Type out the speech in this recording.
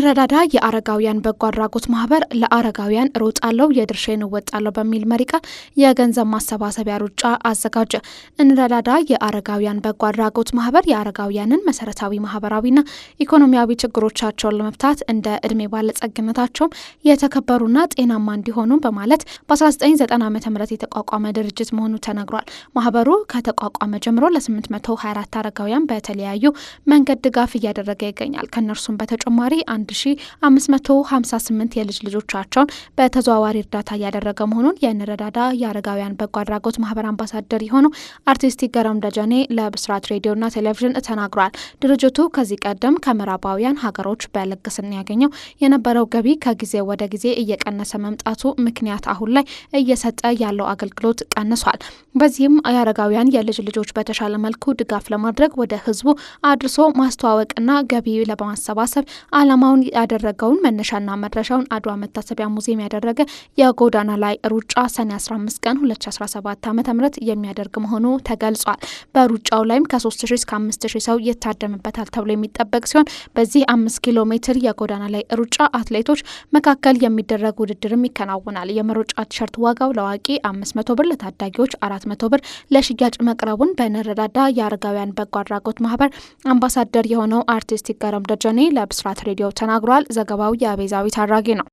እንረዳዳ የአረጋውያን በጎ አድራጎት ማህበር ለአረጋውያን እሮጣለሁ የድርሻዬን እወጣለሁ በሚል መሪ ቃል የገንዘብ ማሰባሰቢያ ሩጫ አዘጋጀ። እንረዳዳ የአረጋውያን በጎ አድራጎት ማህበር የአረጋውያንን መሰረታዊ ማህበራዊና ኢኮኖሚያዊ ችግሮቻቸውን ለመፍታት እንደ እድሜ ባለጸግነታቸውም የተከበሩና ጤናማ እንዲሆኑ በማለት በ1990 ዓ ም የተቋቋመ ድርጅት መሆኑ ተነግሯል። ማህበሩ ከተቋቋመ ጀምሮ ለ824 አረጋውያን በተለያዩ መንገድ ድጋፍ እያደረገ ይገኛል። ከእነርሱም በተጨማሪ አንድ 1558 የልጅ ልጆቻቸውን በተዘዋዋሪ እርዳታ እያደረገ መሆኑን የእንረዳዳ የአረጋውያን በጎ አድራጎት ማህበር አምባሳደር የሆነው አርቲስት ገረም ደጀኔ ለብስራት ሬዲዮና ቴሌቪዥን ተናግሯል። ድርጅቱ ከዚህ ቀደም ከምዕራባውያን ሀገሮች በልግስና ያገኘው የነበረው ገቢ ከጊዜ ወደ ጊዜ እየቀነሰ መምጣቱ ምክንያት አሁን ላይ እየሰጠ ያለው አገልግሎት ቀንሷል። በዚህም የአረጋውያን የልጅ ልጆች በተሻለ መልኩ ድጋፍ ለማድረግ ወደ ህዝቡ አድርሶ ማስተዋወቅና ገቢ ለማሰባሰብ አላማውን ሩጫውን ያደረገውን መነሻና መድረሻውን አድዋ መታሰቢያ ሙዚየም ያደረገ የጎዳና ላይ ሩጫ ሰኔ 15 ቀን 2017 ዓ ም የሚያደርግ መሆኑ ተገልጿል። በሩጫው ላይም ከ3000 እስከ 5000 ሰው ይታደምበታል ተብሎ የሚጠበቅ ሲሆን በዚህ አምስት ኪሎ ሜትር የጎዳና ላይ ሩጫ አትሌቶች መካከል የሚደረግ ውድድርም ይከናወናል። የመሮጫ ቲሸርት ዋጋው ለአዋቂ 500 ብር፣ ለታዳጊዎች 400 ብር ለሽያጭ መቅረቡን በንረዳዳ የአረጋውያን በጎ አድራጎት ማህበር አምባሳደር የሆነው አርቲስት ይገረም ደጀኔ ለብስራት ሬዲዮ ተናግሯል። ተናግሯል። ዘገባው የአቤዛዊ ታራጊ ነው።